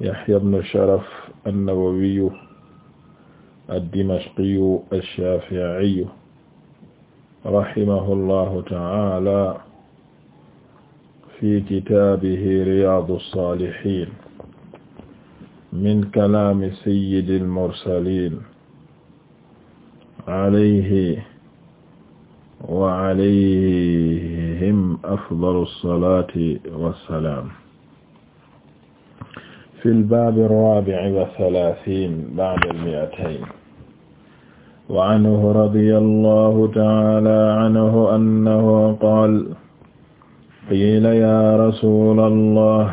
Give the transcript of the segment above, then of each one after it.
Yahya ibn Sharaf an-Nawawiyu ad-Dimashqiyu ash-Shafi'iyu rahimahullahu ta'ala fi kitaabihi Riyaadu s-Saalihiin min kalaami sayyidil mursaliin alayhi wa alayhim afdalu s-salaati wa s-salaam fi lbaabi arraabi'i wa salaasiin ba'da al-mi'atayn wa anhu radiya allahu ta'aala anhu annahu qaala qiila yaa rasuula allah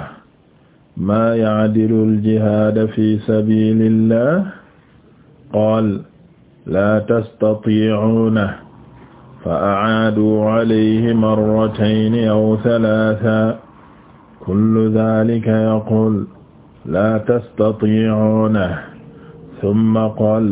maa ya'dilu al-jihaada fi sabiilillah qaala laa tastatii'uunahu fa a'aaduu alayhi marratayni aw salaasa kullu dhaalika yaquulu laa tastatiicuunahu summa qaala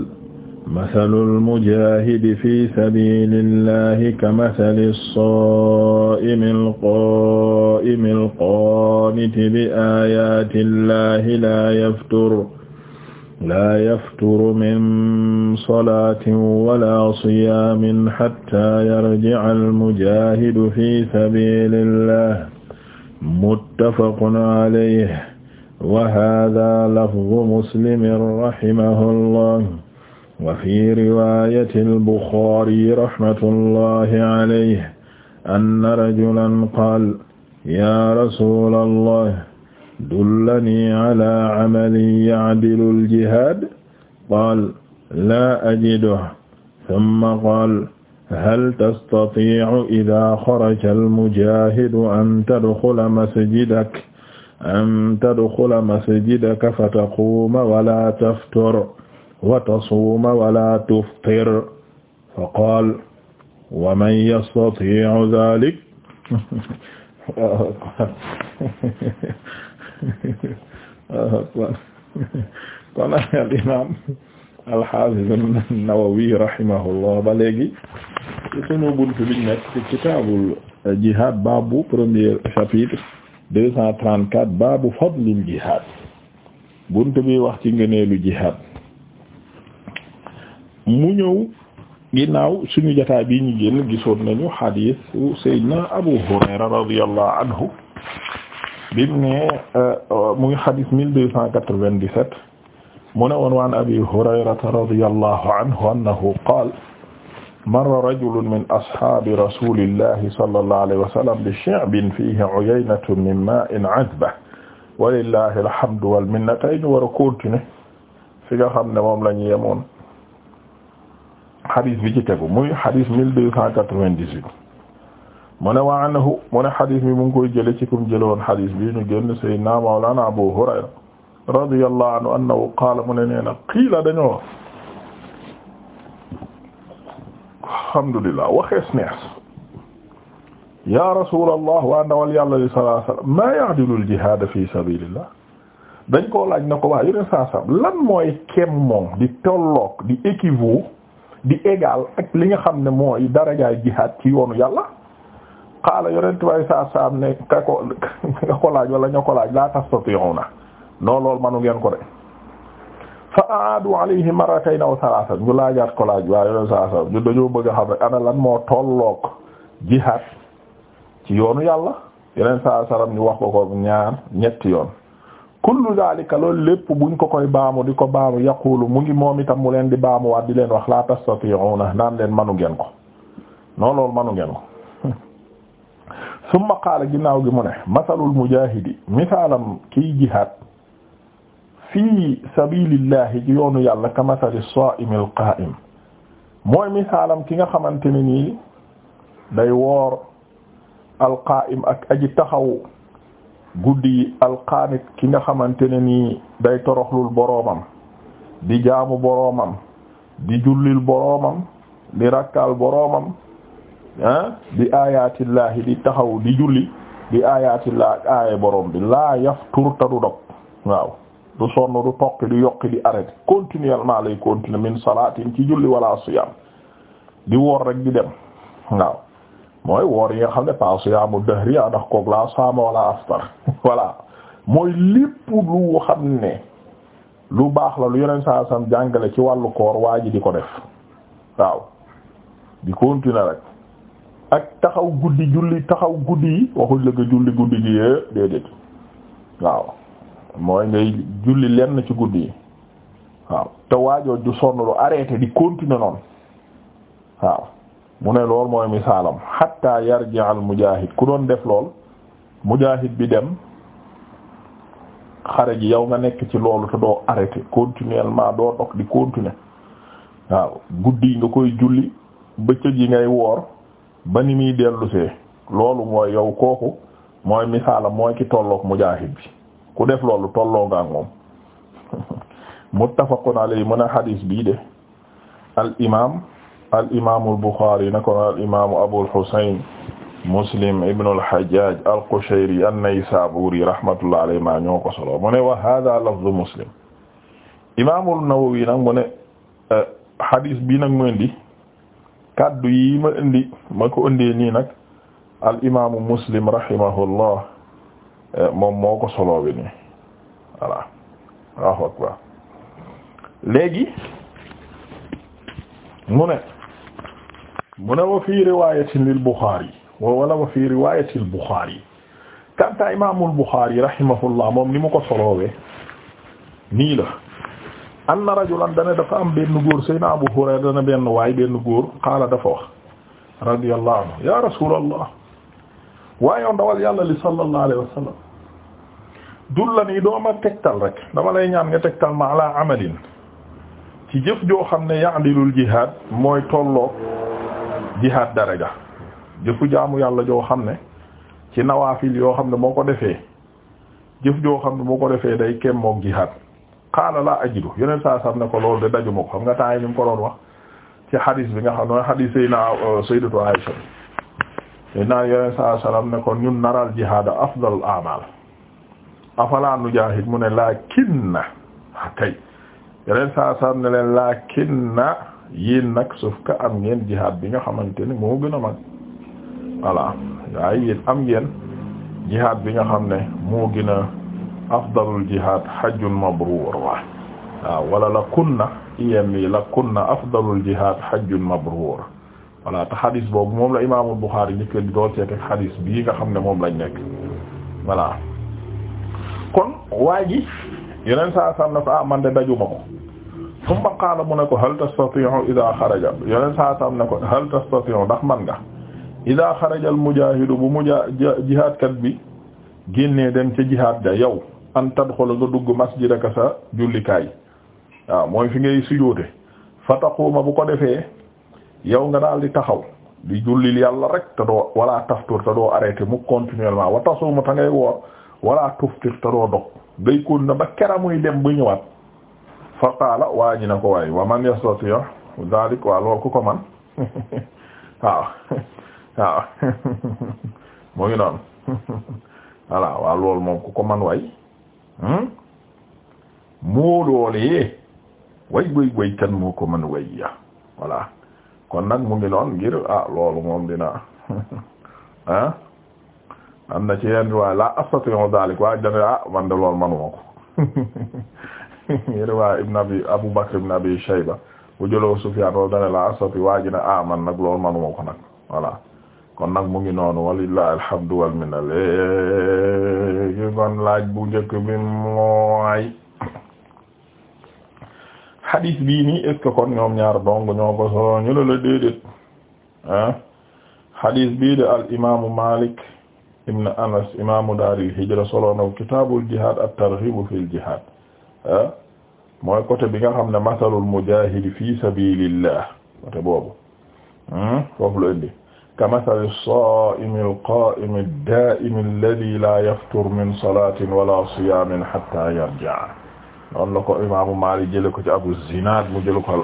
masalul mujaahidi fi sabiilillaahi kamasalil saa'imil qaa'imil qaaniti bi aayaatillaahi laa yaftur laa yafturu min salaatin walaa siyaamin hattaa yarjical mujaahidu fi sabiilillaahi muttafaqun calayhi wa haaza lafzu muslimin rahimahullah wa fi riwaayatil buxaari rahmatullahi alayhi anna rajulan qaala yaa rasuulallah dullanii alaa camalin yacdilul jihaad qaala laa ajiduhu summa qaala hal tastatiicu idaa xaraja almujaahidu an tadxula masjidak an tadxula masjidaka fataquuma wala taftur wa tasuuma wala tuftir fa qaal wa man yastatiicu daalik kon al imaam al-Haafiz an-Nawawi rahimahullah ba léegi ci sunu buntu bi nekk ci kitaabul jihaad baabu premier chapitre deux cent trente-quatre baabu fadlil jihad bunt bi wax ci ngëneelu jihad mu ñëw ginnaaw suñu jotaay bi ñu génn gisoon nañu hadiisu Seydina Abu Hurayra radiyallahu anhu bim ne euh, muy hadiis mille deux cent quatre-vingt-dix-sept mu ne woon waan Abi Hurayrata radiyallahu anhu annahu qaala marra rajulun min ashaabi rasulillahi sallallahu alayhi wa sallam bi shi'bin fiihi uyaynatun min maa'in azba walillahi alhamdu wal minna tey ñu war a continuer fi nga xam ne moom la ñu yemoon xadis bi ci tegu muy xadis mille deux cent quatre-vingt-dix-huit mu ne wa anhu mu ne xadis bi mu ngi koy jële ci kum jëlewoon xadis bi ñu génn sayyidina mawlana Abu Hurayra radiyallahu anhu annahu qaala mu ne nee na qiila dañoo alhamdulillah waxees nees ya rasulallah waa ndawal yàlla li sallallahu alayhi maa ya'dilu al-jihaad fi sabilillah dañ koo laaj na ko waa yeneen saa saa lan mooy kem moom di tolloog di équivaut di égal ak li nga xam ne mooy darajaay jihaad ci yoonu yàlla xaala yonent bay saa saa am ne ka ko laaj wala ña ko laaj laa tastati'una noo lool manu ngeen ko de a aadu alayhi marratayn aw salaasa ñu laajaat ko laaj waaye yoon salaasa ñu dañoo bëgg a xam rek ana lan moo tolloog jihaad ci yoonu yàlla yeneen saa saram ñu wax ko ko ñaar ñetti yoon kullu daalika loolu lépp buñ ko koy baamu di ko baamu yaqulu mu ngi moom itam mu leen di baamuwaat di leen wax la tastati'una naan leen manu ngeen ko non loolu manu ngeen ko summa qaala ginnaaw gi mu ne masalul mujaahidi misaalam kiy jihaad fii sabilillahi ci yoonu yàlla kamasali saa'imi al-qaa'im mooy misaalam ki nga xamante ne nii day wor alqaa'im ak aji taxaw guddi yi ki nga xamante ne nii day toroxlu boroomam di jaamu boroomam di jullil boroomam di rakkaal boroomam ah di aayaatillahi di taxaw di julli di aayaatillahi ak aaye boroom bi yaftur ta du dog waaw du sonn du tokki du yokki di arrêté continuellement lay continuer min salaatin ci julli wala siyam di woor rek di dem waaw mooy woor yi xam ne pas siyaamu dahri yaa ndax koog laa saama wala aftar voilà mooy lépp lu xam ne lu baax la lu yeneen saa sam jàngale ci wàllu koor waa ji di ko def waaw di continuer rek ak taxaw guddi julli taxaw guddi yi waxuñ la ko julli guddi gi yee déedéet waaw mooy ngay julli lenn ci guddi yi waaw te waajooj du du arrêté di continuer noonu waaw mu ne lool mooy misaalam hatta yarji al mujaahid ku doon def lool mujaahid bi dem xare ji yow nga nekk ci loolu te doo arrêté continuellement doo dox di continuer waaw guddi nga koy julli bëccëg yi ngay woor ba ni muy dellusee loolu mooy yow kooku mooy misaalam mooy ki tolloog mujaahid bi ku def loolu tolloo nga ak moom muttafaqun a hadis bii de al imaam al imaamul Bukhari na ko Muslim ibn al Hajjaj al Qushayri an ma ñoo ko solo mu ne wa hadha Muslim imaamul Nawawi nag mu ne hadis eh, bii nag mu indi kaddu yi ma indi ma ko indee nii nag Muslim rahimahullah Eh, moom moo ko soloowe nii voilà waaw akbar léegi mu ne mu ne wa fii riwayatin lil Bukhari wa wala wa fii riwayatil Bukhari kanta imaamul Bukhari rahimahullah moom ni mu ko soloowe nii la anna rajulan dane dafa am benn góor sayna Abu Hurayra dana benn waay benn góor qaala dafa wax radiyallahu ya rasulallah waaye yow ndawal yàlla li sallallahu alayhi wa sallam dul la nii dooma tegtal rek dama lay ñaan nga tegtal ma ala amalin ci jëf joo xam ne ya'dilul jihaad mooy tolloog jihaad daraja jëfu jaamu yàlla joo xam ne ci nawaafil yoo xam ne moo ko defee jëf joo xam ne moo ko defee day kem moog jihaad qaala laa ajidu yeneen saa sam ne ko loolu de dajuma ko xam nga temps yi ni ko doon wax ci hadis bi nga xam nooy hadis Seydina euh, Sayyidatu Aisha te naa yoneen saa salaam ne kon ñun naral jihaada afdalul amal afala nujaahid mu ne laakinna kay yoneen saa salaam ne leen laakinna yéen nag sauf que am ngeen jihaad bi nga xamante ni moo gën a mag voilà waaye yéen am ngeen jihaad bi nga xam ne moo gën a afdalul jihaad hajjun mabruur waaw wala la kunna yi la kunna jihaad hajjun mabruur voilà te xadis boobu moom la imaamul Buxaari njëkk di doon seet ak xadis bii nga xam ne moom lañ nekk voilà kon waa ji yeneen saa saam ne ko ah man de dajuma ko summa qaala mu ne ko hal tastati'u idha xaraja yeneen saa saam ne ko hal tastati'u ndax man nga idha xaraja al mujaahidu bu mujaa jihaadkat bi génnee dem ca jihaad ja yow an tadxula nga dugg masjidaka sa jullikaay waaw mooy fi ngay sujoote fa bu ko defee yow nga daal di taxaw di jullil yàlla rek te doo wala taftur te doo arrêté mu continuellement wa tasuma te ngay woor wala tuftir te doo dog ngay kon na ba kera muy dem bu ñëwaat fa qaala waa ñi na ko waay wa man yastati'a dalik waa lool ku ko man waaw mu ngi noonu voilà waa lool hmm? way way way way moo ko man way ya voilà kon nag mu ngi noon ngir ah loolu dina ah am na ci yenn waaye la astati'u dalik waaye dana ah man de loolu ko ngir waaye ibn abu bakr ibn abi shayba bu jëloo sufyan loolu dana la astati waa ji ne ah, man nag loolu manuma ko nag voilà kon nag mu ngi noonu walillahi alhamdu wal minna léegi kon laaj bu njëkk mooy hadith bii nii est ce que kon ñoom ñaar dong ñoo ko solo ñu ne la déedéet ah hadith bii de al imaamu Malik ibn Anas imaamu daaril hijra solo na kitaabul jihad at-targhib fil jihad ah mooy côté bi nga xam ne masalul mujahid fi sabilillah côté boobu foofu la indi ka masali as-saa'im al-qaa'im ad-daa'im alladhi la yaftur min salatin wala siyaamin hatta yarji'a noonu la ko imaamu Maalik jële ko ci Abu Zinaad mu jël ko al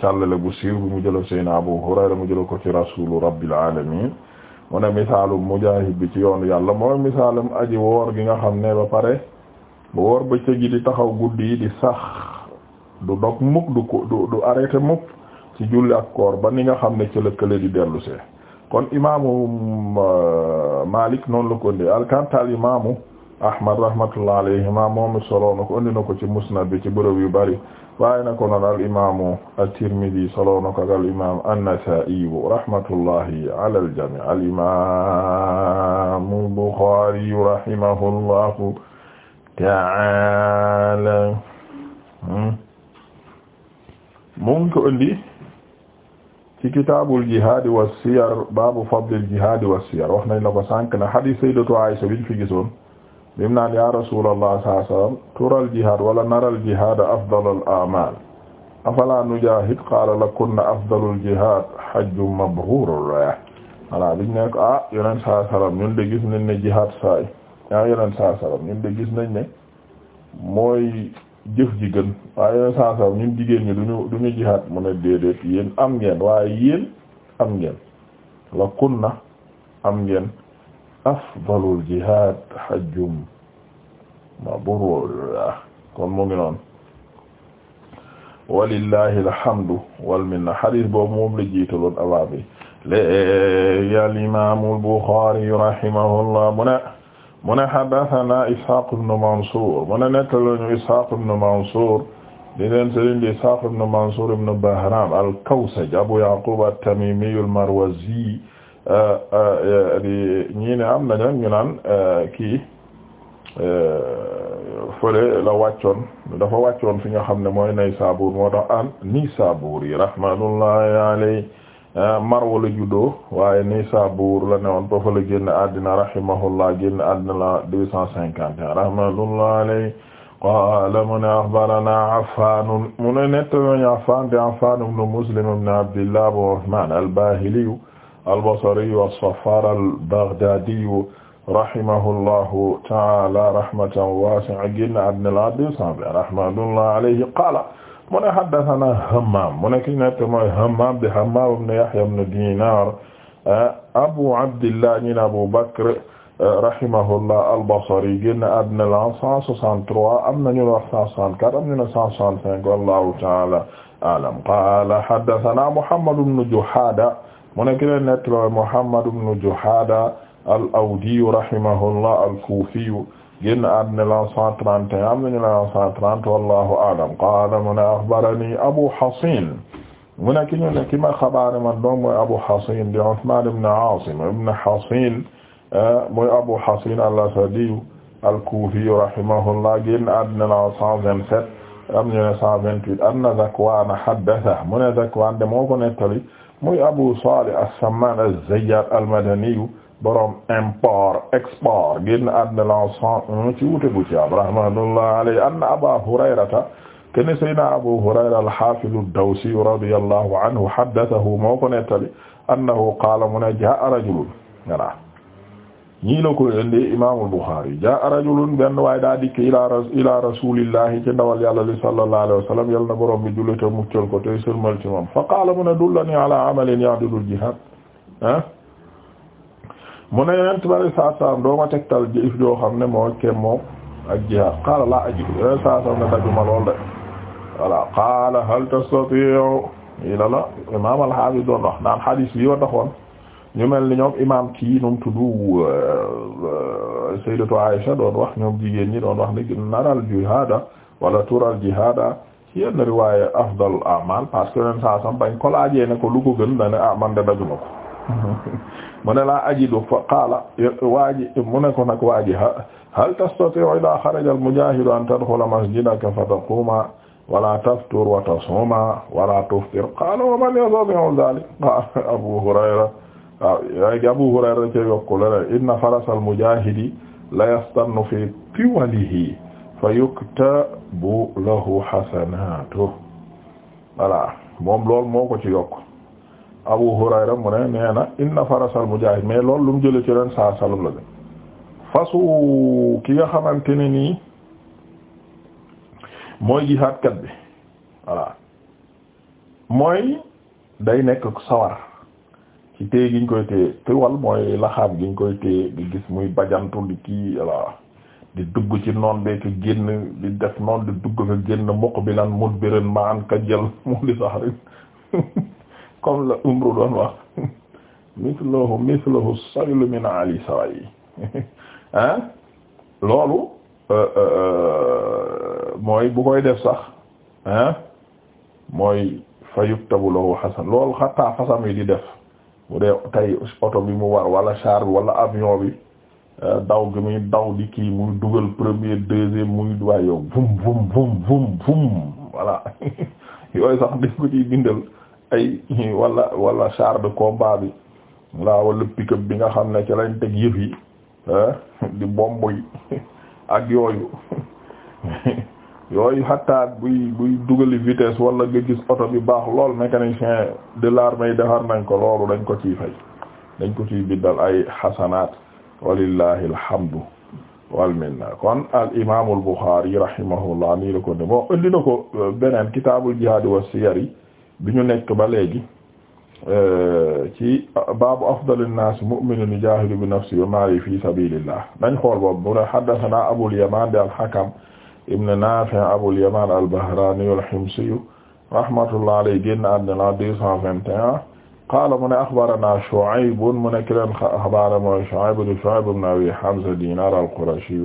càllale bu siiw bi mu jële Seydina Abu Hurayra mu jële ko ci Rasuulu Rabbil aalamiin mu ne misaalum mujaahid bi ci yoonu yàlla mooy misaalum aji woor gi nga xam ne ba pare woor bëccëg yi di taxaw guddi yi di sax du dog mukk du du arrêté ci julli ak koor ba ni nga xam ne ci lëkkale di dellusee kon imaamu euh, Maalik noonu la ko indee alkantaal imaamu ahmad rahmatullah alayhima moom solo na ko andi na ko ci musnad bi ci bërëb yu bari waaye na ko noon al imamu at-Tirmidhi solo na ko ak al imam an-Nasa'i rahmatullahi ala al-jami' al imamu Bukhari rahimahullahu ta'ala mu ngi ko andi ci kitaabul jihaadi wa siyar baabu fadlil jihaadi wa siyar wax nañ la ko sànq na hadith sayyidatu Aisha biñ fi gisoon bim naan ya rasulallah sallallahu alayhi tural jihad wala naral jihad afdalul a'mal afala nujahid qala lakunna afdalul jihad hajjun mabrur voilà biñ ne ko ah yonent sallallahu alayhi wa ñun de gis nañ ne jihad saay ah yonent sallallahu ñun de gis nañ ne mooy jëf ji waaye yonent sallallahu ñun jigéen ñi duñu duñu jihad mu ne déedéet yéen am ngeen waaye yéen am ngeen lakunna am ngeen afdalul jihaad hajjum mabruur kon mu ngi noonu walillahi alhamdu wal minna hadith boobu moom la jiitaloon abaa bi léegi al imaamul Buxaari rahimahullah mu ne mu ne haddathanaa Ishaaq ibn Mansuur mu ne nettali ñu Ishaaq ibn Mansuur di leen sëriñ di Ishaaq ibn Mansuur ibn Bahraam al-Kawsaj Abu Yaquub at-Tamiimi al-Marwazi Euh, euh, ñii ne am nañu ñu naan euh, kii fële la wàccoon dafa wàccoon fi nga xam ne mooy Naysaabuur moo tax an Naysaabuuri rahmatullahi alayhi ah, Marwa la juddoo waaye Naysaabuur la newoon ba fa la génn àddina rahimahullah génn àddina la deux cent cinquante rahmatullahi alayhi mu ne axbaranaa Affaan mu ne nettali Affaan de Affaan ibn Muslim ibn Abdillah Abu Usmaan al al-Basri was-Saffar al-Baghdadi rahimahullahu ta'ala rahmatan wasi'a génn àddina la deux cent vingt rahmatullahi alayhi qaala mu ne haddathana Hammaam mu ne ki nekk mooy Hammaam di Hammaam ibn Yahya ibn Dinar Abu Abdillah ibn Abu Bakr rahimahullah al-Basri génn àddina la cent soixante-trois am nañu wax cent soixante-quatre am nañu cent soixante-cinq wallahu ta'ala a'lam qaala haddathana Muhammad ibn Juhaada mu ne ki leen nettalo Muhammad ibn Juhada al-Awdiyu rahimahullah al-Kufiyu génn àddina la 131 am nañu la 130 wallahu a'lam qaala mu ne akhbarani Abu Hasin mu ne ki ñu ne ki ma xabaare man doom mooy Abu Hasin di Uthman ibn Asim ibn Hasin mooy Abu Hasin al-Asadiyu al-Kufiyu rahimahullah génn àddina la 127 am nañu la 128 anna Zakwan haddatha mu ne Zakwan de moo ko nettali muy Abu Salih as-Samman az-Zayyat al-Madaniyu borom import export génn àddina la cent un ci wute bu ci am rahmatullah alayhi anna Aba Hurayrata kene Seydina Abu Hurayra al-Hafiz ad-Dawsi radiyallahu anhu haddathahu moo ko nettali annahu qaala mu ne jaa'a rajulun ñii la ko indi imaamul Buxaari jaa rajulun benn waaye daa dikk ila ila rasulillahi ci ndawal yàlla li sallallahu alayhi wa sallam yal a muccal ko tey sërmal ci moom fa mu ne dullani ala amalin ya'dudul jihaad ah mu ne yonent bari saa saam doo ma tegtal ne moo kem moom jihaad qaala laa ajidu yonent saa saam ne dajuma lool de qaala hal tastati'u ila imaam al-Haafiz doon naan hadiis bi wa taxoon ñu mel ni ñoom imaam kii nu mu tudd euh, euh, Sayyidatu Aisha doon wax ñoom jigéen ñi doon wax ni naral jihaada wala tural jihaada ci yenn riwaaye afdal amal parce que ren saa sam bañ ko laajee ne ko lu ko gën da ne ah man de daju mu ne laa ajidu fa qaala mu ne ko nag waaji hal tastati'u idaa xaraja al-mujaahidu an tadxula masjidaka fa taquuma wala taftur wa tasuma wala tuftir qaala wa man yastati'u dhaalika qaala Abu Hurayra waaw léegi Abu Hurayra ca yokku la inna farasal mujaahidi la yastannu fi tiwalihi fa yuktabu lahu hasanatu voilà moom loolu moo ko ci yokk Abu Hurayra mu ne nee inna farasal mujaahid mais loolu lu mu jëlee ci ren saa la de fasu ki nga xamante ne nii mooy jihaadkat bi mooy day nekk sawar. ci téye giñ koy téye tiwal mooy laxaab giñ koy téye di gis muy bajantu di kii voilà di dugg ci noon bee ko génn di def noon di dugg ko génn muqbilan mudbiran ma'an ka jël mu di sax rek comme la umru doon wax mithluhu mithluhu saylu min ali saray hein loolu euh, euh, euh, mooy bu koy def sax hein mooy fa yuktabu lahu hasan loolu xataa fasam yi di def bu dee tey oto bi mu war wala char bi wala avion bi euh, daw gi muy daw di kii muy dugal premier deuxième muy waaye yooyu sax dañ ko ci bindal ay wala wala char de combat bi wala wala pick-up bi nga xam ne ci lañ teg yëf yi di bomb yi ak yooyu yooyu xatta buy buy dugali vitesse wala nga gis oto bi baax lool mécanicien de l'armée yi defar nañ ko loolu dañ ko ci fay dañ ko ci biddal ay xasanaat walillahi alhamdu wal minna kon al imaam al Buxaari rahimahullah nii la ko ne bon indi na ko euh, beneen kitaabul jihaad wa siyar yi bi ñu nekk ba léegi euh, ci baabu afdal an-naas mu'minun yujaahidu bi nafsihi wa maalihi fi sabiilillah dañ xool boobu mu ne haddasanaa Abul Yamaan al-Hakam ibn Nafi' Abul Yaman al-Bahrani al-Himsi rahmatullah alayhi génn àddina 221 qaala mu ne axbarana Shu'ayb mu ne ki leen axbaara mooy Shu'ayb di Shu'ayb ibn Abi Hamza Dinar al-Qurashi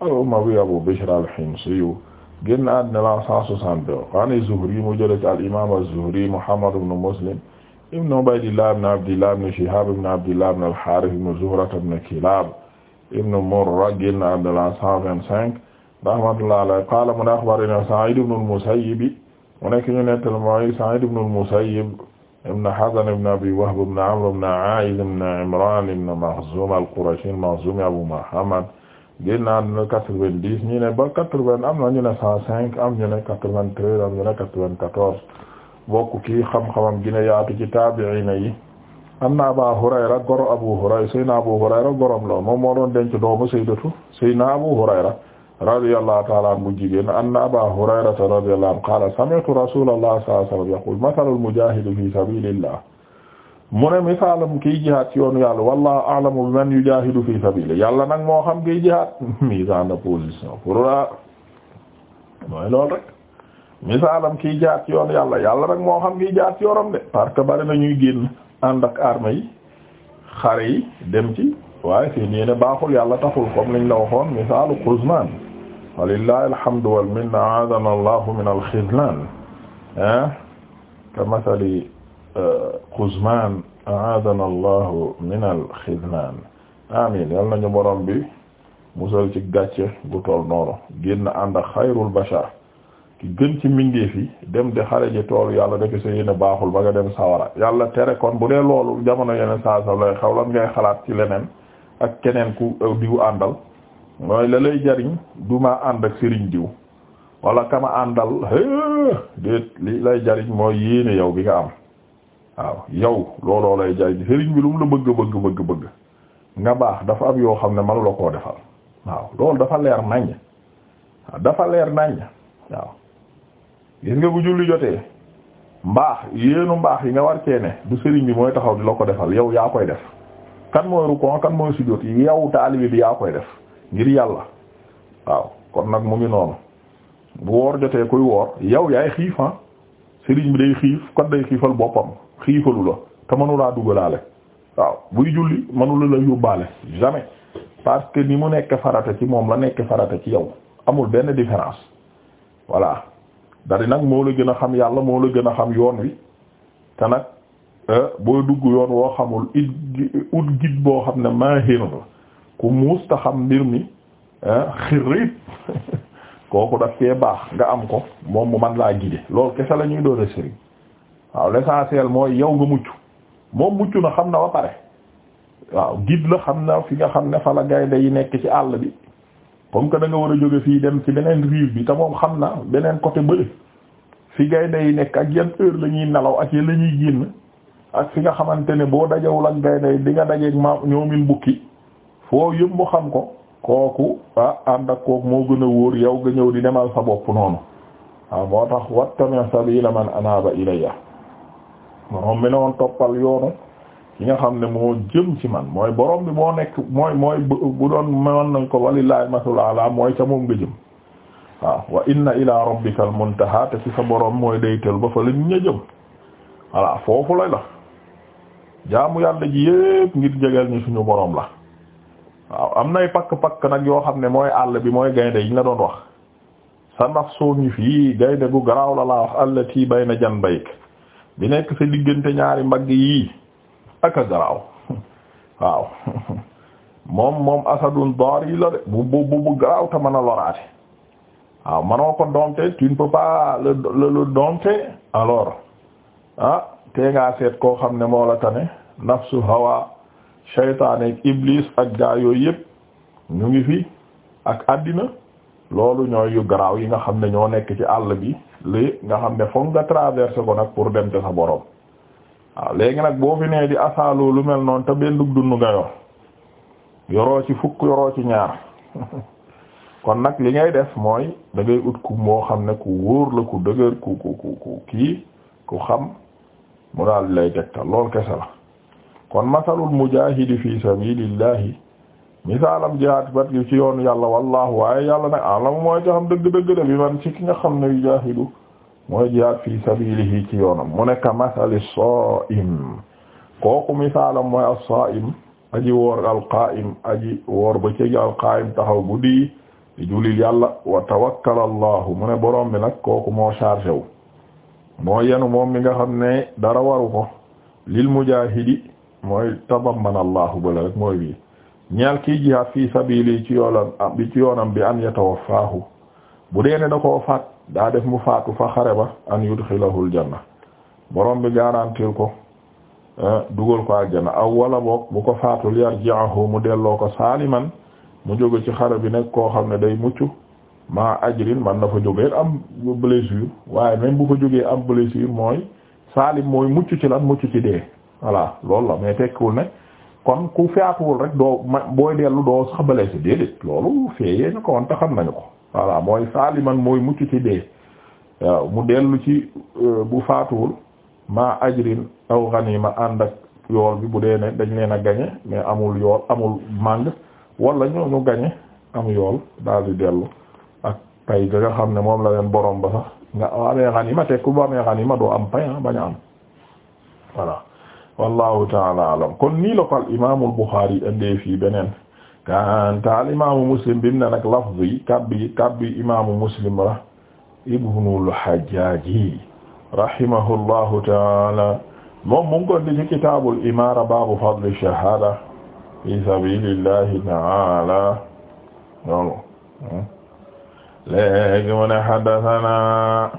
al-Umawi Abu Bishr al-Himsi génn àddina 162 qaala Zuhri mu jëlee ci al-imaam az-Zuhri Muhammad ibn Muslim ibn Ubaydillah ibn Abdillah ibn Shihab ibn Abdillah ibn al-Harith ibn Zuhra ibn Kilab ibn Murra génn àddina 125 rahmatullah alayhi qaala mu ne axbarana Sa'iid ibn al-Musayyib mu nekk ñu nettal mooy Sa'iid ibn al-Musayyib ibn Hazn ibn Abi Wahb ibn Amr ibn Aa'iz ibn Imraan ibn Maxzuum al-Qurashi al-Maxzuumi Abu Muhammad génnaat na quatre-vingt-dix ñu ne ba quatre-vingt am na ñu ne cent cinq am ñu ne quatre-vingt-treize am ñu ne quatre-vingt-quatorze bokk kii xam-xamam gina yaatu ci taabi'iina yi am na Abaa Hurayra goro Abu Hurayra Seydina Abu Hurayra gorom la moom moo doon denc doomu Sayyidatu Seydina Abu Hurayra radiyallahu ta'ala anhu bu jigéen anna Aba Hurayrata radiyallahu anhu qaala sami'tu rasulallah sallallahu alayhi wa sallam yaqul mathalul mujahidi fi sabilillah mu ne misaalam kiy jihaad ci yàlla wallahu a'lamu biman yujahidu fi sabilihi yàlla nag moo xam kiy jihaad mise en position pour la ah, mooy lool rek misaalam kiy jihaad ci yàlla yàlla nag moo xam kiy jihaad ci yoonam de parce bari na ñuy génn ànd ak armée yi xare yi dem ci waaye seen yéene baaxul yàlla taxul comme liñ la waxoon misaalu xuzlaan walillahi alhamdu wal minna aadana allahu min alxizlaan ah ka masali xuzmaan euh, aadana allahu min alxizlaan amin yal nañu borom bi musal ci gàcce gu tool noonu génn ànd ak xayrul bashar ki gën ci mbindeef yi dem di xare ji tool yàlla defe sa yéene baaxul ba nga dem sawara yàlla tere kon bu dee loolu jamono yeneen saa sa lay xaw lan ngay xalaat ci leneen ak keneen ku euh, diw àndal mooy la lay jariñ du ma ànd ak sëriñ diw wala kama àndal déet li lay jariñ mooy yéene yow bi nga am waaw yow looloo lay jariñ sëriñ bi lu mu la bëgg bëgg bëgg bëgg nga baax dafa am yoo xam ne manu la koo defal waaw loolu dafa leer naññ dafa leer naññ waaw gis nga bu julli jotee mbaax yéenu mbaax yi nga war cee ne du sëriñ bi mooy taxaw di la ko defal yow yaa koy def kan mooy rukon kan mooy sujjóot yow taalibi bi yaa koy def ngir yàlla waaw kon nag mu ngi noonu bu woor jotee kuy woor yow yaay xiif ah sëriñ bi day xiif kon day xiifal boppam xiifalu la te mënulaa dugalaale waaw buy julli mënula la yóbbaale jamais parce que ni mu nekk farata ci moom la nekk farata ci yow amul benn différence voilà dari nag moo la gën a xam yàlla moo la gën a xam yoon wi te nag Eh, boo dugg yoon woo xamul it ut gid boo xam ne maahir la ku muus ta xam mbir mi eh, xirrit kooku daf cee baax nga am ko moom mu man laa gide loolu kese la ñuy doon sëriñ waaw l'essentiel mooy yow nga mucc moom mucc na xam na ba pare waaw git la xam na fi nga xam ne fa gaynde yi nekk ci àll bi comme que da nga war a jóge fii dem ci beneen rive bi te moom xam na beneen côté bële fi gaynde yi nekk ak yan heure la nelaw ak yan lañuy génn ak fi nga xamante ne boo dajawul ak gaynde di nga dajeeg ma ñoomin bukki foo yëpp xam ko kooku ah ànd ak kooku moo gën a wóor yow nga ñëw di demal sa bopp noonu waaw moo tax wattami' sabila man anaba ilayya borom bi ne woon toppal yoonu ki nga xam ne moo jëm ci man mooy borom bi moo nekk mooy mooy bu doon mën nañ ko walillahi masul ala mooy ca moom nga jëm waaw wa inna ila rabbikal muntaha ci sa borom mooy daytal ba fa la ñu jëm voilà foofu lay la jaamu yàlla ji yépp ngir jegeel ñu suñu boroom la waaw am nay pakk-pakk nag yoo xam ne mooy àll bi mooy gaynde yi la doon wax sa naf soo ngi fii gaynde gu garaaw la laa wax na bayna janbayk bi nekk sa diggante ñaari mbagg yii ak a garaaw waaw moom moom asadun dari la de bu bu bu garaaw te mën a loraate waaw manoo ko dompter tu ne peux pas le le dompter ah tee ngaa seet koo xam ne moo la tane nafsu hawa shaytaan ak iblis ak gaa yooyu yëpp ñu ngi fi ak àddina loolu ñooy yu garaaw yi nga xam ne ñoo nekk ci àll bi li nga xam ne foog nga traversé ko nag pour dem te sa borom waaw léegi nag boo fi nee di asaaloo lu mel noonu te benn dund nga yor yoroo ci fukk yoroo ci ñaar kon nag li ngay def mooy da ngay ut ku moo xam ne ku wóor la ku dëgër ku ku ku kii ku xam. mu daal lay tegtal lool kese la kon masalul mujahidi fi sabilillahi misaalam jihaad bat gi ci yoonu yàlla wallahu waaye yàlla nag alam mooy ci xam dëgg-dëgg de bi man ci ki nga xam ne yujahidu mooy jihaad fi sabilihi ci yoonam mu nekk masali saa'im kooku misaalam mooy as-saa'im aji woor al-qaa'im aji woor ba ci al-qaa'im taxaw guddi di julil yàlla wa tawakkal allahu mu ne borom bi nag kooku moo chargé wu moo yenu moom mi nga xam ne dara waru ko lil mujahidi mooy tabammana allahu bala rek mooy bi ñeel kii jihaad fii sabili ci yoonam ah, bi ci yoonam bi an yatawaffaahu bu deene da koo faat daa def mu faatu fa xare ba an yudxilahul janna borom bi garantir ko eh, dugal ko aljanna aw wala boog bu ko faatul yarji'ahu mu delloo ko saaliman mu jóge ci xare bi nekk koo xam ne day mucc ma ajrin man na fa jógee am blessure waaye même bu fa jógee am blessure mooy saalim mooy mucc ci lan mucc ci dee voilà loolu la mais tekkiwul ne kon ku faatuwul rek doo ma booy dellu doo sax blessé déedéet loolu feeyee ñu ko woon xam nañu ko voilà mooy saaliman mooy mucc ci dee waaw mu dellu ci euh, bu faatuwul ma ajrin aw ganima ànd ak yool bi bu dee ne dañ leen a gañe mais amul yool amul màng wala ñoo ñu gañe am yool daal di dellu pay xam ne moom la leen borom amee xanima te ku amee xanima ah, a alam kon nii la ko al imaamul Buxaari andee beneen kanta al imaamu Muslim bi mu ne nag lafz yi kàbbi kàbbi imaamu Muslim la ibnul Hajjaaji moom mu ko di ci kitaabul imaara baabu fadli shahaada fi sabiilillahi taala léegi mu ne xaddasanaa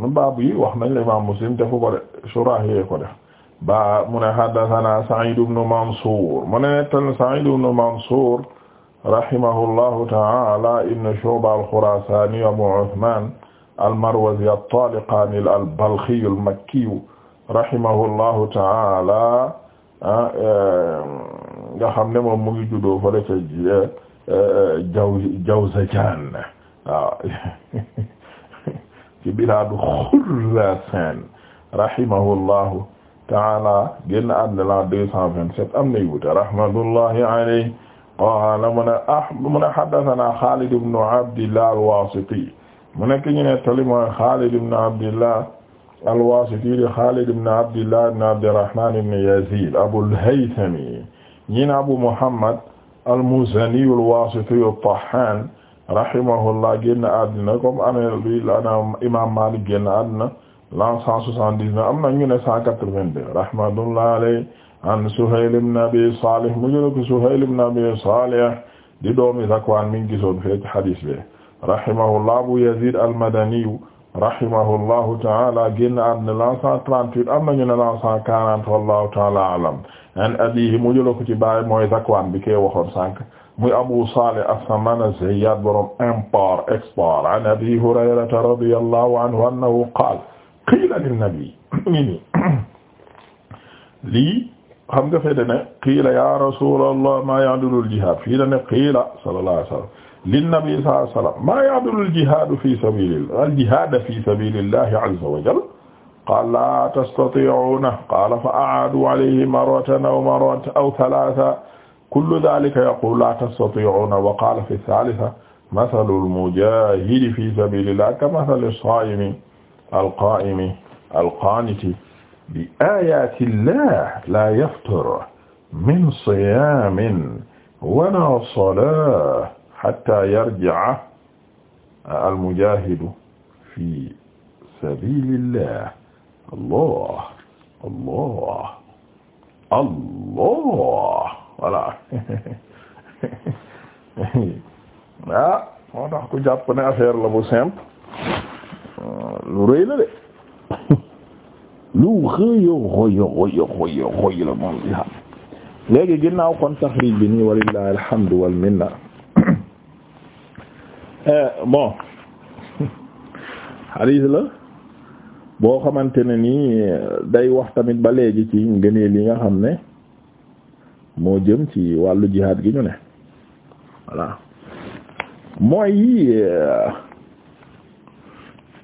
nu baab yi wax nañ la imaam Muslim defu ko de surah yee ko def ba mu ne xaddasanaa Sa'iid ibnu Mansuur mu ne nettal Sa'iid ibnu Mansuur rahimahullahu ta'aala ibnu Shu'ba al-Xuraasaani Abu Usmaan al-Marwazi at-Taaliqaani al-Balkhi al-Makki rahimahullahu ta'aala ah, eh, nga xam ne moom mu ngi juddoo fële ca jaw Jawzajaan waaw ci bilaadu Xurasaan rahimahullahu taala génn àddina la deux cent vingt-sept am nay wute rahmatullahi alayhi qaala mu ne ah mu ne haddasanaa Xaalid ibnu Abdillah al-Waasiti mu nekk ñu ne tali mooy Xaalid ibnu Abdillah al-Waasiti di Xaalid ibnu Abdillah ibnu Abdirrahmaan ibnu Yaziid Abul Haythami ñi ne Abu Muhammad al-Muzani al-Wasiti at-Tahan rahimahullah génn àddina comme année bi imaam Maalik génn àddina l'an 179 am na ñu ne 182 rahmatullahi alayhi an Suhayl ibn Abi Salih mu jël ko Suhayl ibn Abi Salih di doomi Zakwaan mi ngi gisoon fekk hadiis bi rahimahullah Abu Yazid al-Madani rahimahullahu ta'ala génn àdduna lan 138 am nañu ne lan 140 wallahu ta'ala alam an abihi mu jëla ko ci baay mooy Zakwaan bi koy waxoon sànq muy Abu Salih as-Samman az-Zayyat borom import export an Abi Hurayrata radiyallahu anhu annahu qaala qiila lin-nabi ni lii xam nga fay dane qiila ya rasulallah ma ya'dulu al-jihad fii dane qiila sallallahu alayhi wa sallam linnabi sallallahu alayhi wa sallam maa ya'dulu al-jihaadu fi sabiilillah al-jihaada fi sabiilillah azza wa jalla qaala laa tastatii'uunahu qaala fa a'aaduu alayhi marratan aw marratan aw thalaathan kullu dhaalika yaquulu laa tastatii'uunahu wa qaala fi thaalitha mathalu al-mujaahidi fi sabiilillah kamathali as-saa'imi al-qaa'imi al-qaaniti bi aayaati llaah laa yafturu min siyaamin wa laa salaatin hatta yarji'a al-mujaahidu fi sabiilillah allah allah allah voilà ah moo tax ku jàpp ne affaire la bu simple lu rëy la de lu rëyo rëyo rëyo rëyo rëy la moom jihaad léegi ginnaaw kon taxriij bi nii walillahi alhamdu wal minna Eh, bon xadiis la boo xamante ne nii eh, day wax tamit ba léegi ci ngëneel li nga xam ne moo jëm ci wàllu jihaad gi ñu ne voilà mooy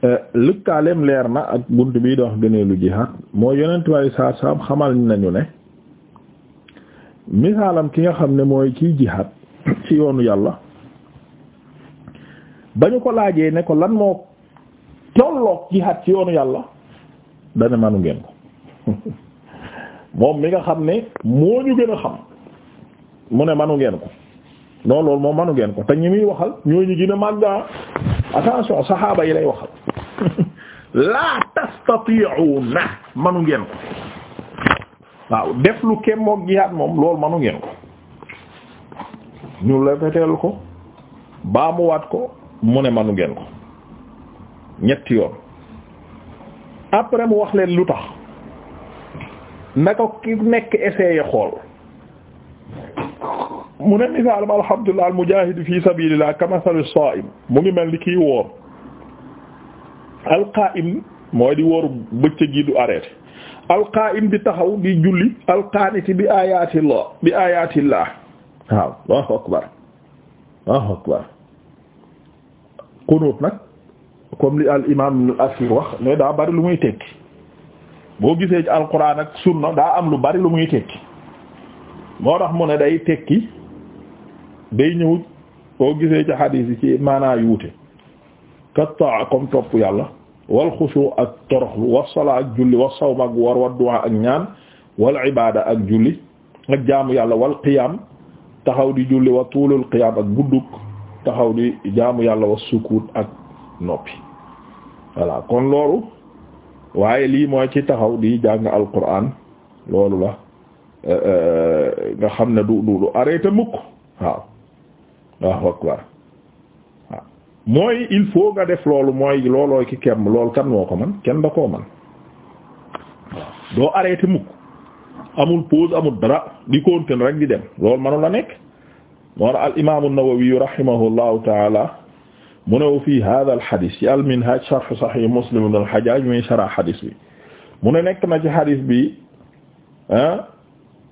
eh, lëkkaaleem leer na ak bunt bii da wax gëneelu jihaad mooy yonent waayu saa xamal nañu ne misaalam ki nga xam ne mooy kiy jihaad ci yoonu yàlla ba ñu ko laajee ne ko lan moo tolloog jihaad ci yoonu yàlla dana manu ngeen ko moom mi nga xam ne moo ñu gën a xam mu ne manu ngeen ko non loolu moom manu ngeen ko te ñi muy waxal ñooñu gën a màgga ah. attention saxaaba yi lay waxal laa tastati'una manu ngeen ko waaw def lu kem mook jihaad moom loolu manu ngeen ko ñu la feteel ko baamuwaat ko mu ne manu ngeen ko ñetti yoon après mu wax leen lu tax na ko nekk essayé xool mu ne misaalum alhamdulillah al mujaahid fi sabilillah kamasali saa'im mu ngi mel ni kii woor al qaa'im mooy di wooru bëccëg yi du arrêté al qaa'im bi taxaw di julli al qaaniti bi ayatillah waaw allahu akbar allahu akbar qunut nag comme li al imam al asir wax ne daa bari lu muy tekki boo gisee ci alquran ak sunna daa am lu bari lu muy tekki moo tax mu ne day tekki day ñëw boo gisee ci xadiis yi ci maanaa wute ka taa comme topp yàlla wal xusu ak toroxlu wa salaa ak julli wa sawm ak war wa du'a ak ñaan wal ibaada ak julli ak jaamu yàlla wal qiyaam taxaw di julli wa tuulul qiyaam ak guddug taxaw di jaamu yàlla wa sukut ak noppi voilà kon loolu waaye lii mooy ci taxaw di jàng alquran loolu la euh, euh, nga xam ne du du du mukk waaw mooy il faut nga def loolu mooy looloo ki kem loolu kan moo ko man kenn da koo man waaw doo arrêté mukk amul pause amul dara di continuer rek di dem loolu manu la nekk moo al imaamu Nawawi rahimahullahu taala mu ne fii hada al xadis ci al minhaj sharh sahih Muslim ibn al Hajjaj muy sharh xadis bi mu ne nekk na ci xadis bi ah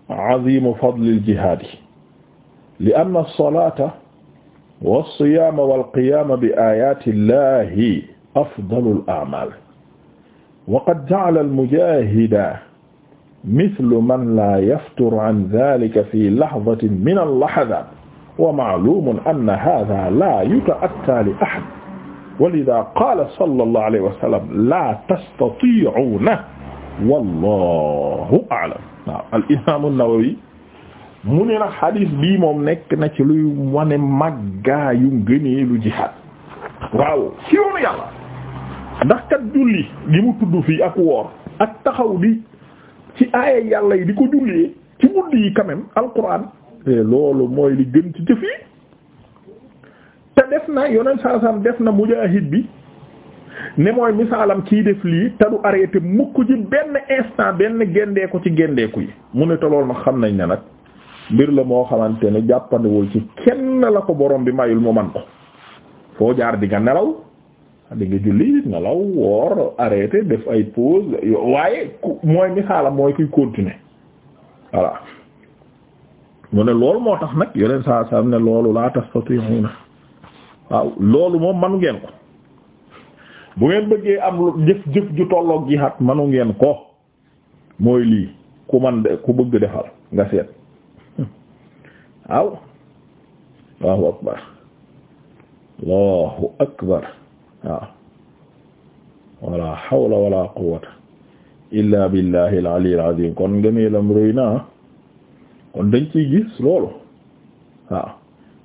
azimu fadli al jihaad li anna as-salaata wa as-siyaama wal qiyaama bi aayaati llaahi afdalu al a'maal wa qad ja'ala al mujaahida mithlu man laa yaftur an dhaalika fii lahzatin min al lahzaat wa ma'lumun anna hadha la yuta'atta li ahad walida qala sallallahu alayhi wa sallam la tastati'una wallahu a'lam waaw al imam an-Nawawi mu ne nag xadis bii moom nekk na ci luy wane màggaa yu ngënee lu jihaad waaw ci yoonu yàlla ndax kat julli gi mu tudd fii ak woor ak taxaw di ci aaya yàlla yi di ko jullee ci guddi yi quand même alquran loolu mooy li gën ci jëf te def na yoneen saasam def na mujaahid bi ne mooy misaalam kii def lii te du mukk ci benn instant benn gendeeku ci gendeeku yi mu ne te nag xam nañ ne nag mbir la moo xamante ne jàppandiwul ci kenn la ko borom bi mayul mu man ko foo jaar di nga nelaw di nga julli nelaw woor arrêté def ay pause waaye mooy misaalam mooy kuy continuer voilà mu ne loolu moo tax nag yeneen saa saa ne loolu laa tastati'una waaw loolu moom manu ngeen ko bu ngeen bëggee am jëf jëf ju tolloog jihaad manu ngeen ko mooy lii ku man de ku bëgg defal nga seet waaw allahu akbar allahu akbar waaw wala hawla wala quwwata illa billahi al-ali al-azim kon rëy naa kon dañ ciy gis loolu waaw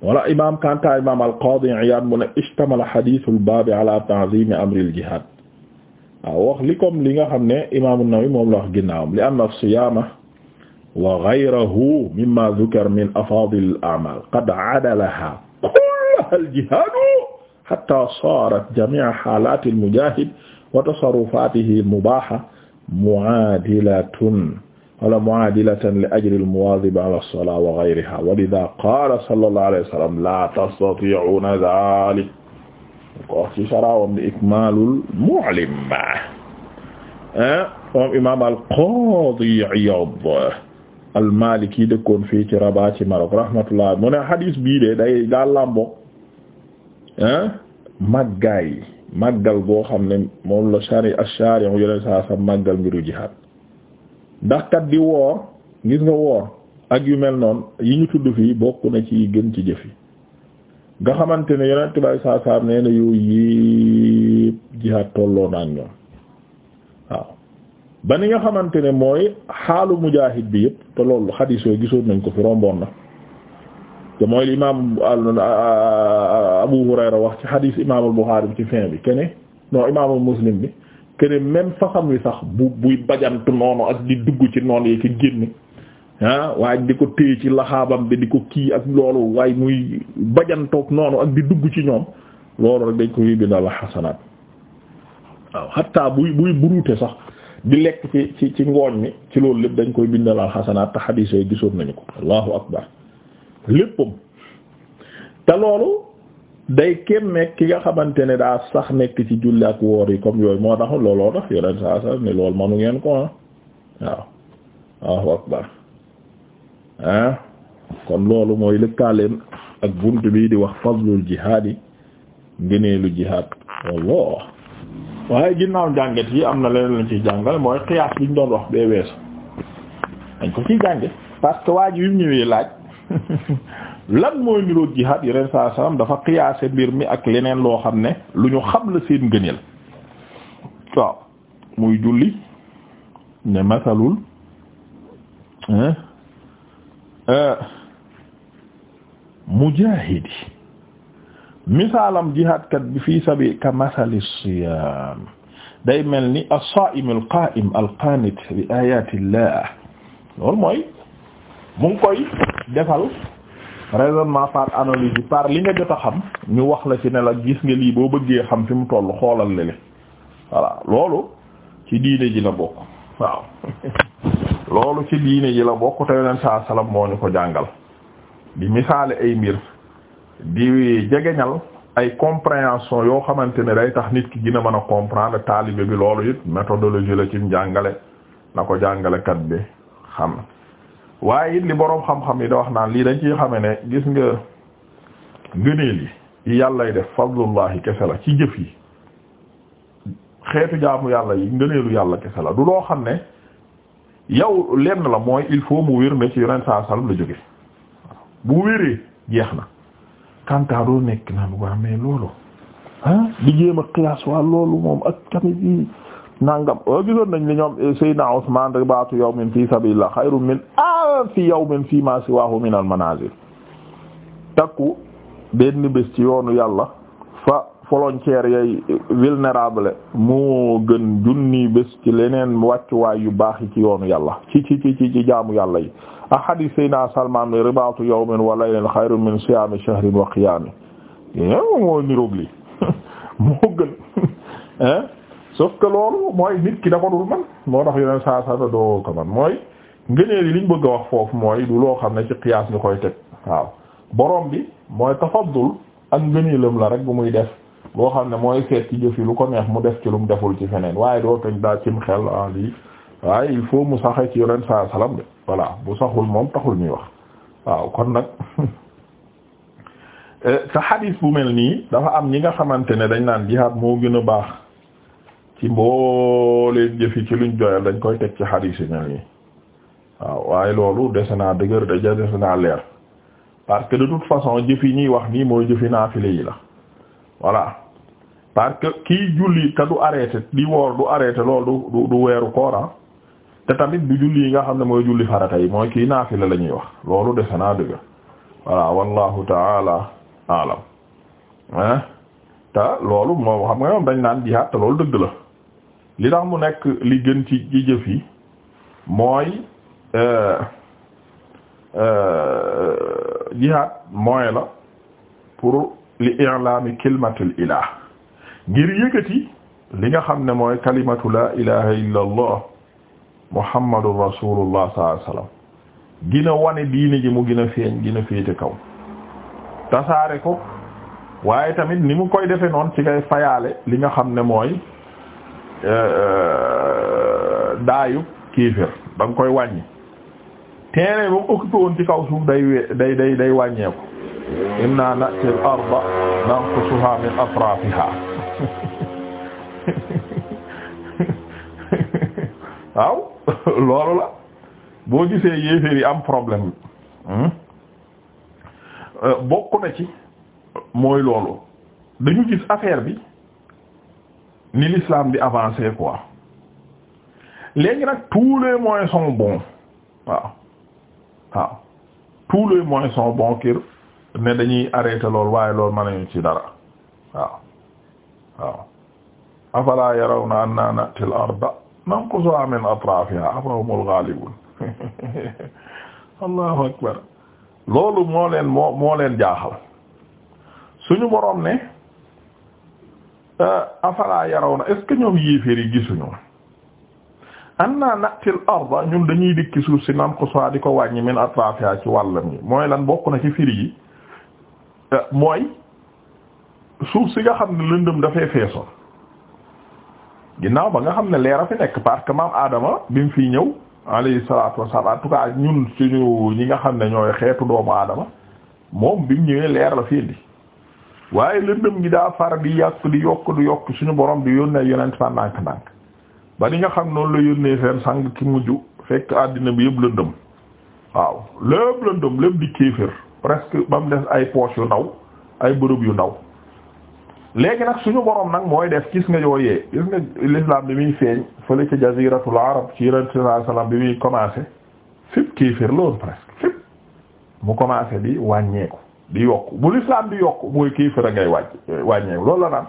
wala imam kanta imam al-Qadi Iyad mu ne ishtamala hadithul baabi ala ta'zim amri al-jihad waaw wax li comme li nga xam ne imam an-Nawawi moom la wax ginnaawam li anna as-siyama wa ghayruhu mimma dhukira min afadil al-a'mal qad 'adalaha kullaha al-jihad hatta sarat jami'a halat al-mujahid wa tasarrufatihi al-mubaha mu'adilatun wala mu'adilatan li ajri al-muwaadib ala as-salaa wa ghayrihaa wa lidhaa qaala sallallahu alayhi wa sallam laa tastati'uuna dhaalik ko wax ci saraawam di ikmaalul mu'lim eh, moom imaam al-qaadi Iyaad al-Maaliki dëkkoon fii ci Rabat ci Maroc rahmatullah mu ne hadis bii de day daa làmboo eh, màggaay màggal boo xam ne moom la shari ash-shari' yeneen saa sa màggal mbiru jihaad ndax kat di woor gis nga woor ak yu mel noon yi ñu tudd fii bokk na ci gën ci jëf yi nga xamante ne yonent bay saa saa nee na yooyu yëpp jihaad tolloo na ak ñoom waaw ba ni nga xamante ne mooy xaalu mujaahid bi yëpp te loolu xadiis gisoon nañ ko fi romboon na te mooy imaam Abu Hurayra wax ci xadiis imaamul Buxaari bi ci fin bi kene non imaamul Muslim bi kene même façam wi sax bu buy bajant noonu ak di dugg ci noon yi ci génn ah waaye di ko téye ci laxaabam bi di ko kii ak loolu waaye muy bajantoog noonu ak di dugg ci ñoom loolu rek dañ ko yi bi dal xasanaat waaw hatta buy buy buruute sax di lekk ci ci ci ngooñ mi ci loolu lépp dañ koy bindal xasanaat te xadiis gisoon nañu ko allahu akbar léppam te loolu day kenn nekk ki nga xamante ne daa sax nekk ci julli ak woor yi comme yooyu moo tax looloo tax yeneen saa saa ne loolu manu ngeen ko ah waaw waaw akbar ah kon loolu mooy lëkkaaleen ak bunt bii di wax fadlul jihaad yi lu jihaad Allah waaye ginnaaw jànget yi am na leneen lañ ciy jàngal mooy xiyaas bi doon wax bee weesu dañ ko ciy jànge parce que waa ji bi mu ñëwee laaj lan mooy niroog jihaad yeneen saa salaam dafa qiyaase mbir mi ak leneen loo xam ne lu ñu xam la seen gëneel waaw muy julli ne masalul euh, mujaahidi misaalam jihaadkat bi fii sabi ka masali siyaam day mel ni a saaim al-qaa'im al-qaanit bi aayaati llah loolu mooy mu ngi koy defal raisonnement par analogie par li nga jot a xam ñu wax la ci nela gis nga lii boo bëggee xam fi mu toll xoolal lele voilà loolu ci diine ji la bokk waaw loolu ci diine ji la bokk te yoneen saa salaam moo ñu ko jàngal di misaale ay mbir di jegeñal ay compréhension yoo xamante ne day tax nit ki gën mën a comprendre taalibe bi loolu it méthodologie la ci jàngale na ko jàngalekat bi xam. waaye it li boroom xam-xam yi da wax naan lii dañ ciy xame ne gis nga ngëneel yi yàllay def fadlullahi kese la ci jëf yi xeetu jaamu yàlla yi ngëneelu yàlla kese la du loo xam ne yow lenn la mooy il faut mu wér na ci yonent saa sallam la jóge bu wéree jeex na kantaa doo nekk naan waa mais loolu ah di jéem waa loolu moom ak tamit yi nangam gisoon nañ li ñoom eh, Seydina Usmaan rek baatu yawmin fii sabilillah xayrun min ah! fi yawmin fi ma siwahu min al manazil takku benn bés ci yoonu yàlla fa volontaire yay vulnérable moo gën junni bés ci leneen wàccuwaay yu baax yi ci yoonu yàlla ci ci ci ci ci jaamu yàlla yi a hadis sayna salman ne ribaatu yawmin wa laylatin xayrun min siyaami shahrin wa qiyaami eh, moo niroog li moo gën hein eh? sauf que loolu mooy nit ki da ko dul man moo tax yeneen saa saa doo ko man mooy ngëneel yi liñ bëgg a wax foofu mooy du loo xam ne ci qiyaas nga koy teg waaw borom bi mooy tafaddul ak ngëneelam la rek bu muy def loo xam ne mooy seet ci jëf yi lu ko neex mu def ci lu mu deful ci feneen waaye doo teg daa mu xel ah lii waaye il faut mu saxee ci yonent saa salaam de voilà bu saxul moom taxul ñuy wax waaw kon nag eh, te xadiis bu mel nii dafa am ñi nga xamante ne dañ naan jihaad moo gën a baax ci mbooleen jëf yi ci luñ doyal dañ koy teg ci xadiis waaw waaye loolu dese naa dëgër daja dese naa leer parce que de toute façon jëf yi ñuy wax nii mooy jëfi naafile yi la voilà parce que kii julli te du arrêté di woor du arrêté loolu du du weeru koora ah. te tamit du julli yi nga xam ne mooy julli farata yi mooy kii naafile la ñuy wax loolu dese naa dëgër voilà wallahu taala alam hein te loolu moom xam nga moom dañ naan jihaad te loolu dëgg la li tax mu nekk li gën ci ci jëf mooy Euh, euh, jihaad mooy la pour li i'laami kalimatul ilah ngir yëkkati li nga xam ne mooy kalimatu la ilaha illa allah muhammadu rasulullah sallallahu alayhi wasallam gina wane diine ji mu gina feeñ gina féete kaw tasaare ko waaye tamit ni mu koy defe noonu ci ngay fayaale li nga xam ne mooy euh, daayu kiifir da nga koy wàññi terrain ba mu occupé woon ci kaw suuf day day day day wàññeeku inna na'ti al-arda nanqusuha min atrafiha waaw loolu la boo gisee yéeféer yi am problème hmm? euh, bokk na ci mooy loolu dañu gis affaire bi ni l'islam di avancer quoi léegi nag tous les moyens sont bons waaw tous les moyens sont bons ne dañuy arrêter loolu waaye loolu ma nañu ci dara waaw waaw afala yarawna anna na'ti al-arda nanqusuha min atrafiha afahumul ghalibun allahu akbar loolu moo leen moo moo leen jaaxal suñu boroom ne euh, afala yarawna est-ce que ñoom yéeféer yi gisuñu anna natil arda ñun dañuy dikki suuf si nan ko di ko wàññi min atrafiha ci wàll yi mooy lan bokk na ci firi yi euh, mooy suuf si nga xam ne lëndëm dafay feesoon ginnaaw ba nga xam ne leer a fi nekk parce que maam aadama bi mu fiy ñëw alayhi salaatu wassalaam en tout cas ñun suñu ñi nga xam ne ñooy xeetu doomu aadama moom bi mu ñëwee leer la fi indi waaye lëndëm gi daa far di yàq di yokk di yokk suñu borom bi yónnee yonent fa ndànk-ndànk ba ni nga xam noonu la yónnee seen sang ki mujj fekk àddina bi yëpp lëndëm waaw lépp lëndëm lépp di kéefër presque ba mu des ay poches yu ndaw ay bërëb yu ndaw léegi nag suñu borom nag mooy def gis nga yooyee gis nga l'islam bi muy feeñ fële ca jaziratul arab ci yonent sallallahu alayhi bi muy commencé fépp kéefër loolu presque fépp mu commencé di wàññeeku di yokk bu l'islam di yokk mooy kéefër a ngay wàññ wàññeeku loolu la naan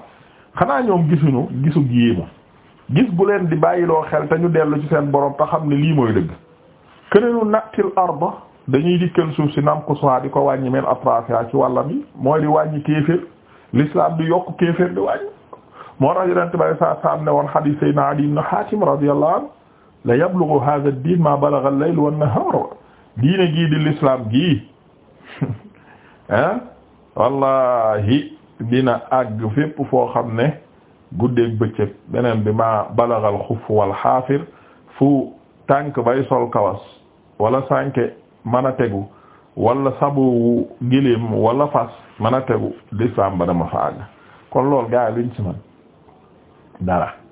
xanaa ñoom gisuñu gisu yéemu gis bu leen di bàyyiloo xel te ñu dellu ci seen borom te xam ne lii mooy dëgg këneenu nattil arba dañuy dikkal suuf si nam ko suhaa di ko wàññi men atrafiya ci wàllam yi mooy di wàññi kéeféer l'islam di yokk kéeféer di wàññi moo tax yonente bale saa saam ne woon hadith sayna Adi ibn Hatim radiyallahu anhu la yablughu hadha ad-din ma balagha al-layl wa an-nahar diine gii di lislaam gii ah wallahi dina àgg fépp foo xam ne guddeeg bëccëg beneen bi ma balagal xuf wal xaafir fu tànk bay sol kawas wala sànke mën a tegu wala sabu gilim wala fas mën a tegu décembre dama fa àgg kon loolu gaa yi man dara